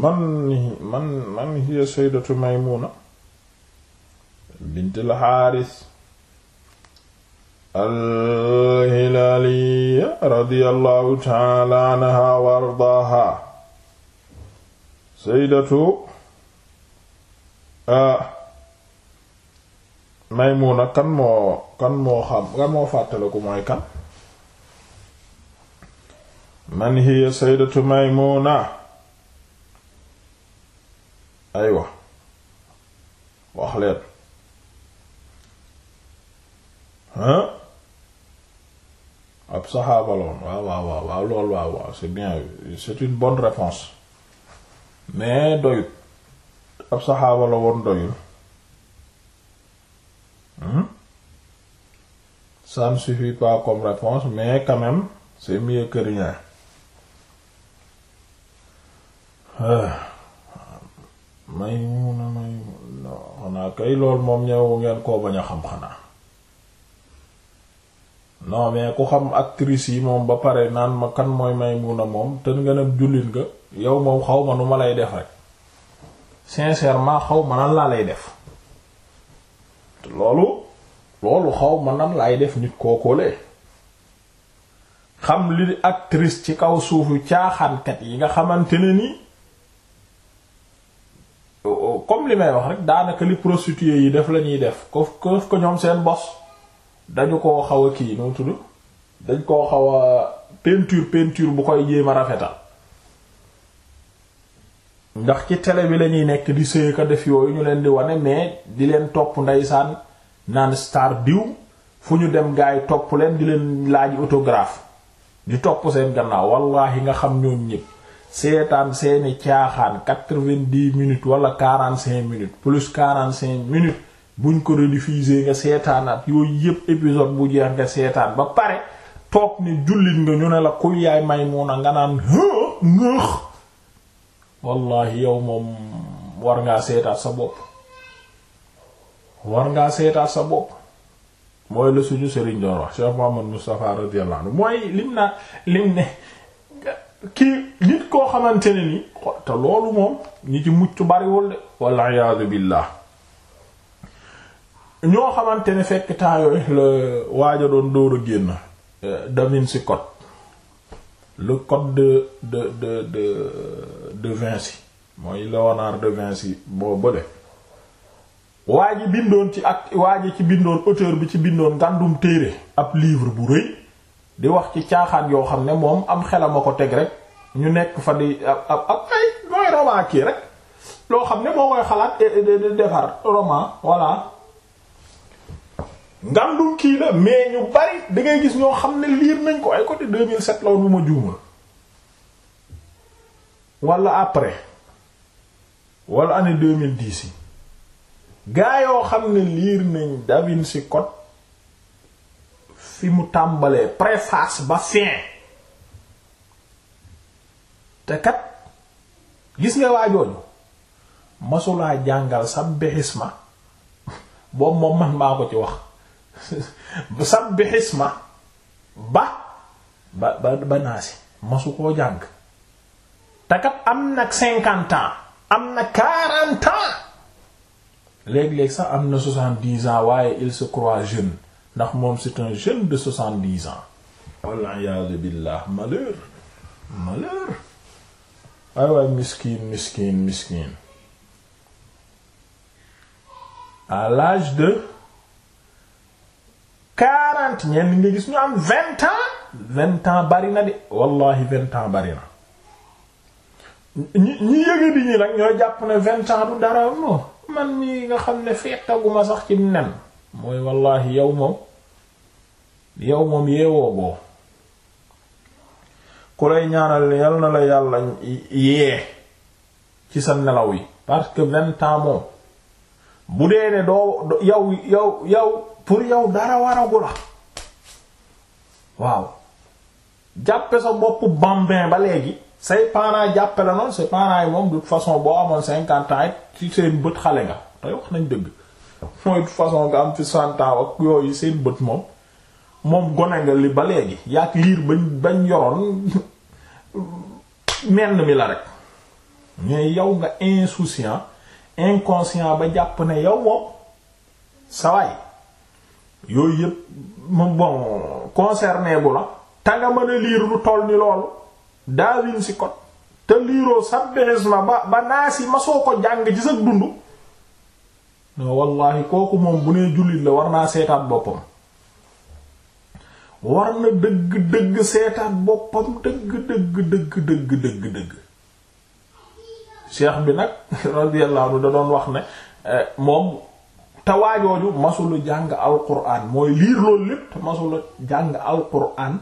man man man hiya sayyidatu maymuna bint al-Haaris al-Hilaaliya ta'ala anha wa ardaaha sayyidatu maymuna kan moo kan moo xam kan moo kan man hiya sayyidatu maymuna saxaaba la woon waaw waaw waaw waaw loolu waaw waaw c'est bien c'est une bonne réponse mais doyut ab saxaaba la woon doyul ça ne suffit pas comme réponse mais quand même c'est mieux que rien may mun a may xanaa kay loolu moom ñëw ngeen koo bañ a xam xanaa non mais ku xam actrice yi moom ba pare naan ma kan mooy na moom te nga ne jullit nga yow moom xaw ma nu ma lay def rek sincèrement xaw ma nan laa lay def loolu loolu xaw ma nan laay def nit kookoolee xam li actrice ci kaw suuf suufu caaxaankat yi nga xamante ne nii comme li may wax rek daanaka li prostituées yi def la ñuy def ko ko ñoom seen bos dañu koo xaw a kii noonu tudd dañ koo xaw a peinture peinture bu koy jéem a rafetal ndax ci télé bi lañuy nekk di sëyka def yooyu ñu leen di wane mais di leen topp ndeysaan naan star diw fu ñu dem gaay topp leen di leen laaj autographe di topp seen gannaaw wallaahi nga xam ñoom ñépp seetaan seeni caaxaan quatre-vingt-dix minutes wala quarante-cinq minutes plus cinq minutes buñ ko rediffusé nga seetaanaat yooyu yépp épisode bu jeex nga seetaan ba pare toog ne jullit nga ñu ne la kuy yaay Maymuna nga naan nëx wallahi yow moom war ngaa seetaat sa bopp ngaa seetaat sa bopp mooy la suñu sëriñ doon wax Cheikh Muhammad Moustapha radiyallahu anhu mooy lim naa lim ne kii nit koo xamante ne ni te loolu moom ñi ci mucc bariwul de wal iyaadu billah ñoo xamante ne fekk temps yooyu waaja doon dóor a génn eh, Da Vinci Code le code de de de de de Vinci mooy Léonard de Vinci boo bële waa ji bindoon ci ak waa ji ci bindoon auteur bi ci bindoon ngàndum téere ab livre bu rëy di wax ci caaxaan yoo xam ne moom am xelam a ko teg rek ñu nekk fa di ab ab ab ay mooy roman kii rek loo xam ne moo koy xalaat eh, eh, defar roman voilà ngandum kii la mais ñu bari da ngay gis ñoo xam ne liir nañ ko ay côté 2007 la woon bu ma juuma wala après wala année 2010 yi gaa yoo xam ne liir nañ Da Vinci Code fi mu tàmbalee préface ba fin te kat gis nga waa jooju masulaa jàngal sa bexis ma boobu moom man maa ko ci wax sabbixisma ba ba ba ba naasi masu koo jàng takat am nag cinquante ans am na quarante ans léeg-léeg sax am na soixante-dix ans waaye il se croit jeune ndax moom c'est un jeune de soixante-dix ans wal iyaadu billah malheur malheur waay waay miskin miskin miskin à l'âge de trente ñenn nga gis ñu am vingt ans vingt ans bari na de wallahi vingt ans bari na ñi ñi yëge di ñi nag ñoo jàpp ne vingt ans du dara man mii nga xam ne feetaguma sax ci nen mooy wallahi yow moom yow moom yeewoo boo ku lay ñaanal yal na la yàlla yee ci sa nelaw yi parce que vingt ans moom bu dee ne doo yow yow yow pour yow dara waragu la waaw jàppe sa bopp bambin ba léegi say parents jàppe la noonu say parents yi moom de façon boo amoon cinquante ans ci seen bët xale nga tey wax nañ dëgg mooy de toute façon nga am fi cent ans yooyu seen bët moom moom gone nga li ba léegi yaag liir bañ bañ yoroon menn mi la rek mais yow nga insouciant inconscient ba jàpp ne yow sa sawaay yooyu yëpp moom bon concerné bu la ta nga mën a liir lu toll ni loolu daawin si te liiroo sabbihisma ba ba naa si masoo ko jàng ci sa dund non wallahi kooku moom bu nee jullit la war naa seetaan boppam war na dëgg dëgg seetaat boppam dëgg dëgg dëgg dëgg dëgg dëgg bi nag radiyallahu anhu da doon wax ne eh, moom te waajooju masula jàng alquran mooy liir loolu lépp te jàng alquran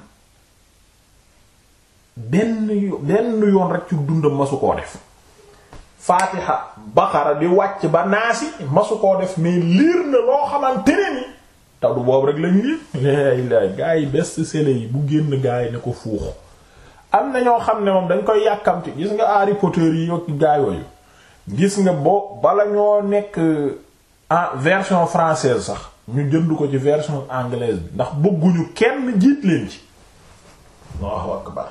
benn benn yoon rek ci dundam masu koo def faatiha baqara di wàcc ba naasi masu koo def mais liir na loo xamante ne ni te boobu rek lañu liir léegi la gaa yi best yi bu génn gaa yi ne ko fuux am na ñoo xam ne moom dañ koy yàkkamte gis nga Harry Potter yi yokki gaa yooyu gis nga boo bala ñoo nekk en ah, version française sax ñu jënd ko ci version anglaise bi ndax bëgguñu kenn jiit leen ci Allahu akbar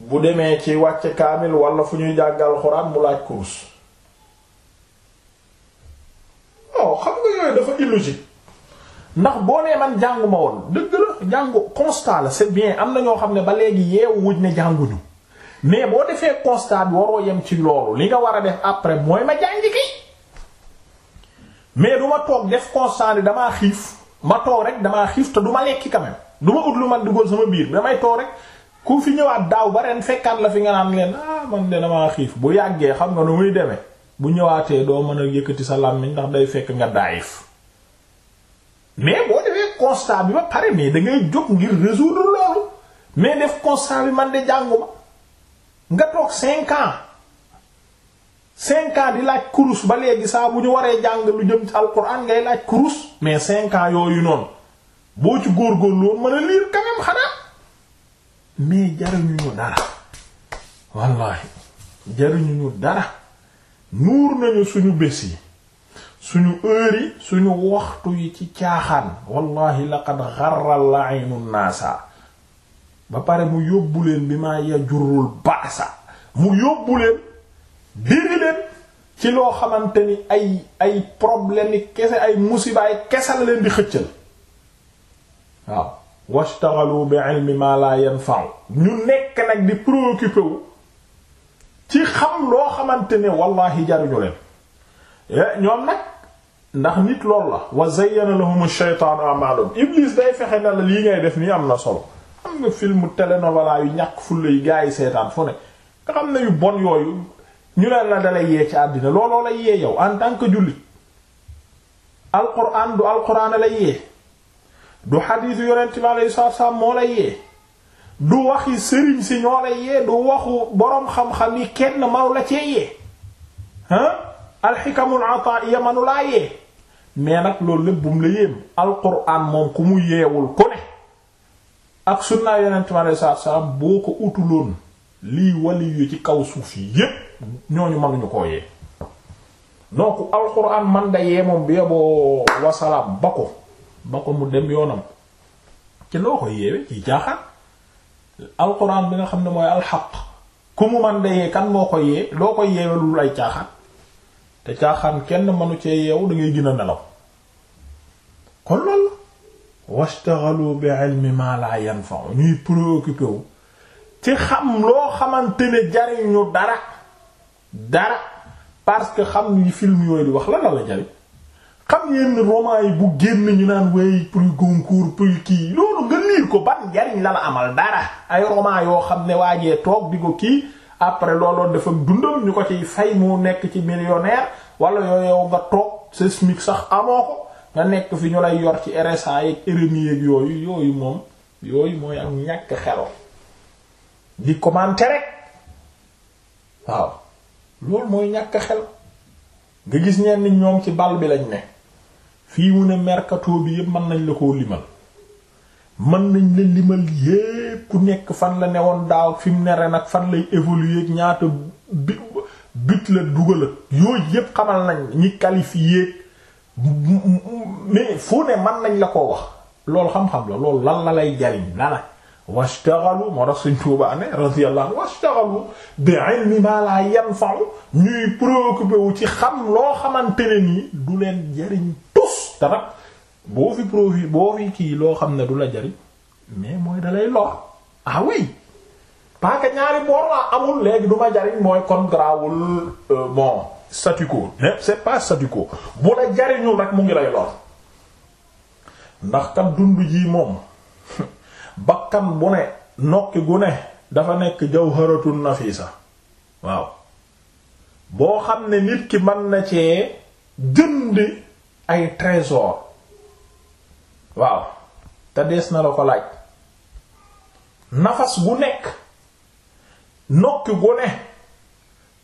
bu demee ci wàcce kaamil wala fu ñuy jàggal xuraan mu laaj course oh xam nga yooyu dafa illogique ndax boo nee man jàngu ma woon dëgg la jàngu constat la c'est bien am na ñoo xam ne ba léegi yeewu wuñ ne jànguñu mais boo defee constat bi waroo yem ci loolu li nga war a def après mooy ma jàngi kii mais du ma toog def constat ni damaa xiif ma toog rek damaa xiif te du ma lekki quand même du ma ut lu man dugal sama biir damay toog rek ku fi ñëwaat daaw ba ren fekkaat la fi nga naan leen ah man de damaa xiif bu yàggee xam nga nu muy demee bu ñëwaatee doo mën a yëkkati sa làmmiñ ndax day fekk nga daayif mais boo defee constat bi ba pare mais da ngay jóg ngir résoudre loolu mais def constant bi man de jànguma nga toog cinq ans cinq ans di laaj kurus ba léegi saa bu ñu waree jàng lu jëm ci alquran ngay laaj kurus mais cinq yooyu noonu boo ci góorgóorlu woon mën a lire quand même xanaa mais jaruñu dara wallahi jaruñu dara nuur nañu suñu bés yi suñu heure suñu waxtu yi ci caaxaan wallahi laqad xarral la aynu naasa ba pare mu yóbbu leen bi ma yajurul baasa mu yóbbu leen biri leen ci loo xamante ni ay ay problème yi kese ay musibaay kese la leen di xëccal waaw washtaxalu bi ilmi ma la yanfa'u ñu nekk nag di préoccupé wu ci xam loo xamante ni wallahi jaruñu leen eh, ñoom nag ndax nit lool la wa zayyana lahum shaytaanu a'maalahum iblis day fexe na la lii ngay def nii am na solo am nga film télénovela yu ñàkk fulla yi gaa yi seetaan fu ne nga xam ne yu bon yooyu ñu leen la dalay yee ci àddina looloo lay yee yow en tant que jullit alquran du alquran lay yee du xadiis yonent bi alayhi salaatu salaam moo lay yee du waxi sëriñ si ñoo lay yee du waxu boroom xam-xam yi kenn maw la cee yee ah alxikamul ataaiya manu laa yee mais nag loolu lépp bum la yéem alquran moom ku mu yeewul ku ne ak sunnaa yonent bi alayhi salaatu salaam boo ko utuloon lii wali yu ci kaw suuf yi yépp ñooñu mënuñu koo yee donc alxuraan man da yee moom bi yeboo wasalaam ba ko ba ko mu dem yoonam ci loo koy yeewe ci jaaxaan alxuraan bi nga xam ne mooy alxaq ku mu man da yee kan moo koy yee loo koy yeewe lu ay caaxaan te caaxaan kenn manu cee yeewu da ngay gën a nelaw kon loolu washtaxalu bi ilmi ma la yanfa'u ñuy préoccupé ci xam loo xamante ne jariñu dara dara parce que xam ni film yooyu wax la la la jariñ xam yenn roman yi bu génn ñu naan wey prix Goncourt prix kii loolu nga liir ko ban njariñ la la amal dara ay roman yoo xam ne waajee toog di ko kii après looloon dafa dundal ñu ko ci fay mu nekk ci millionnaire wala yooyu yow nga toog sa SMIC sax amoo ko nga nekk fi ñu lay yor ci RSA yeeg RMI yooyu yooyu moom yooyu mooy ak ñàkk xelo di commenter rek waaw loolu mooy ñàkk xel nga gis ñenn ñoom ci bal bi lañ ne fii mu ne mercato bi yépp mën nañ la koo limal mën nañ la limal yépp ku nekk fan la newoon daaw fi mu ne ren ak fan lay évoluer ñaata bi but la dugal yooyu yépp xamal nañ ñi qualifié mais fu ne mën nañ la ko wax loolu xam-xam la loolu lan la lay jariñ dara washtaghalu moo tax Sëriñ Tuubaa ne radiyallahu anhu washtaghalu bi ilmi ma la yanfa'u ñuy préoccupé wu ci xam loo xamante nii du leen jariñ tus te nag boo fi profit boo fi kii loo xam ne du la jariñ mais mooy dalay lor ah oui parce ñaari boor laa amul léegi du ma jariñ mooy kon garaawul euh, bon satiko quo c'est pas statu quo la jariñul rek mu ngi lay lor ndax kat dund ji moom bakkan bu ne nokki gu ne dafa nekk na jawharatun sax waaw boo xam ne nit ki man na cee jënd ay trésor waaw te dees na la ko laaj nafas gu nekk nokki gu ne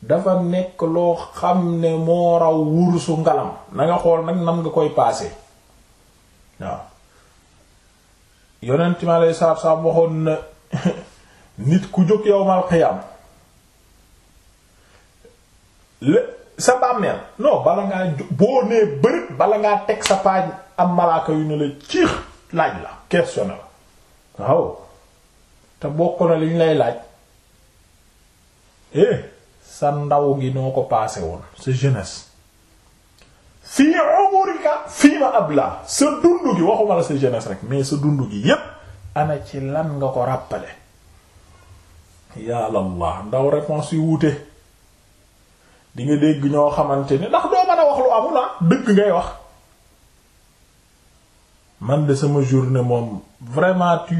dafa nekk loo xam ne moo raw wurusu ngalam na nga xool nag nam nga koy paase waaw yonent mi aleyhi salaatu salaam waxoon na nit ku jóg yowmal qiyaam le sa bàmmeel non bala ngaa boo nee bërëb bala ngaa teg sa paaj am malaaka yu ne la ciix laaj la questionné la waaw te bokk na liñ lay laaj eh sa ndaw gi noo ko paase woon sa jeunesse fii umurika fii ma abla sa dund gi waxuma la sa jeunesse rek mais sa dund gi yépp ana ci lan nga ko rappeler yàlla llah ndaw réponse yu wuute di nga dégg ñoo xamante ni ndax doo mën a wax lu amul ah, dëgg ngay wax man de sama journée moom vraiment tu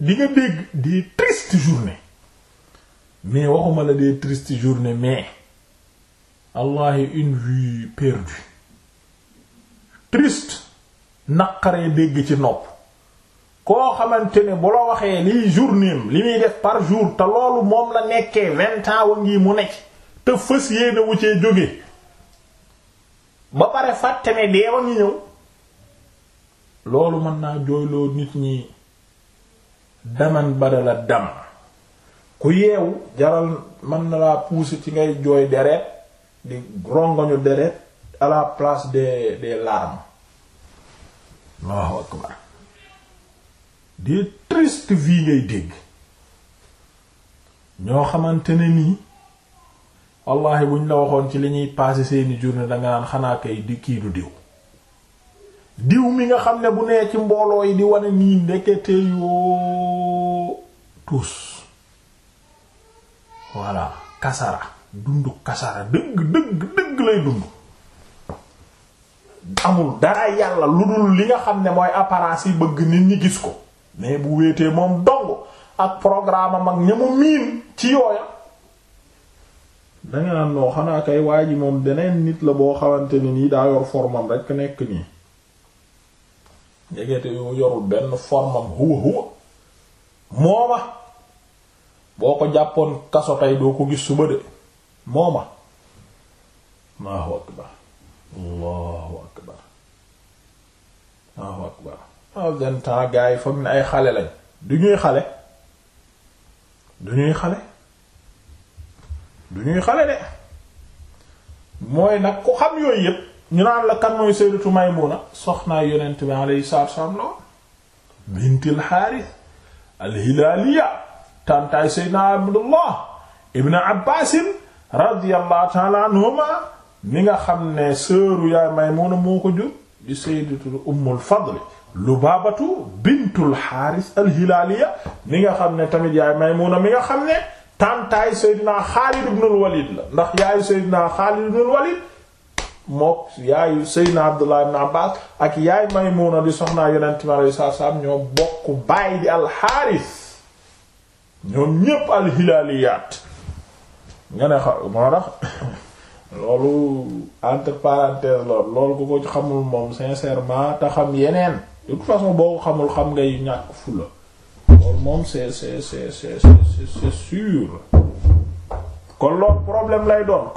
di nga dégg des tristes journées mais waxuma la des tristes journées mais wallahi une vie perdue triste naqaree dégg ci nopp koo xamante ne bu la waxee liy journéem li muy def par jour te loolu moom la nekkee vingt ans ngi mu nekk te fës yéena wu cee jóge ba pare fàtte ne deewa ngi ñëw loolu mën naa jooyloo nit ñi daman badala dam ku yeewu jaral mën na laa pousser ci ngay jooy deret di rongoñu deret à la place de des larmes Allahu akbar des tristes vies ngay dégg ñoo xamante ne nii wallahi buñ la waxoon ci li ñuy passer seeni journée danga naan xanaa kay di kii du diw diw mi nga xam ne bu nee ci mbooloo yi di wane nii ndekete yoo tous voilà kasara dund kasara dëgg dëgg dëgg lay dund amul dara yàlla lu dul li nga xam ne mooy apparence yi bëgg nit ñi gis ko mais bu wéetee moom dong ak programme am ak ñamu miin ci yooya danga naan noo xanaa kay waa ji moom deneen nit la boo xamante ne nii daa yor formam rekk nekk nii njegete yoo yorul benn formam huwa huwa mooma boo ko jàppoon kaso tey doo ko gis suba de mooma maa wokk ba allahu akbar allahu akbar en même yi foog ne ay xale lañ du ñuy xale du ñuy xale du ñuy xale de mooy nag ku xam yooyu yépp ñu naan la kan mooy sayyidatu Maymuna soxnaa yonent bi alayhi salaatu la woon bintil Haaris al tantaay sayyidina Abdullah ibn Abbaasin radiyallahu ta'ala anhuma mi nga xam ne sëru yaay Maymuna moo ko jur di sayyidatu ummul fadli Lubaabatu bintul Haaris al-Hilaaliya mi nga xam ne tamit yaay Maymuna mi nga xam ne tàntaay Seydina Xaalid ibnul Walid la ndax yaayu Seydina Xaalid ibnul Walid mook yaayu Seydina Abdullah ibn Abbaas ak yaay Maymuna di soxnaa Yonent mi alayhi salaatu salaam ñoo bokk baay di al ñoom ñépp al-Hilaaliyaat nga moo tax loolu entre parenthèses la loolu ku ko xamul moom sincèrement te xam yeneen de toute façon boo ko xamul xam ngay ñàkk fula loolu moom c'est c'est c'est c'est c'est kon loolu problème lay doon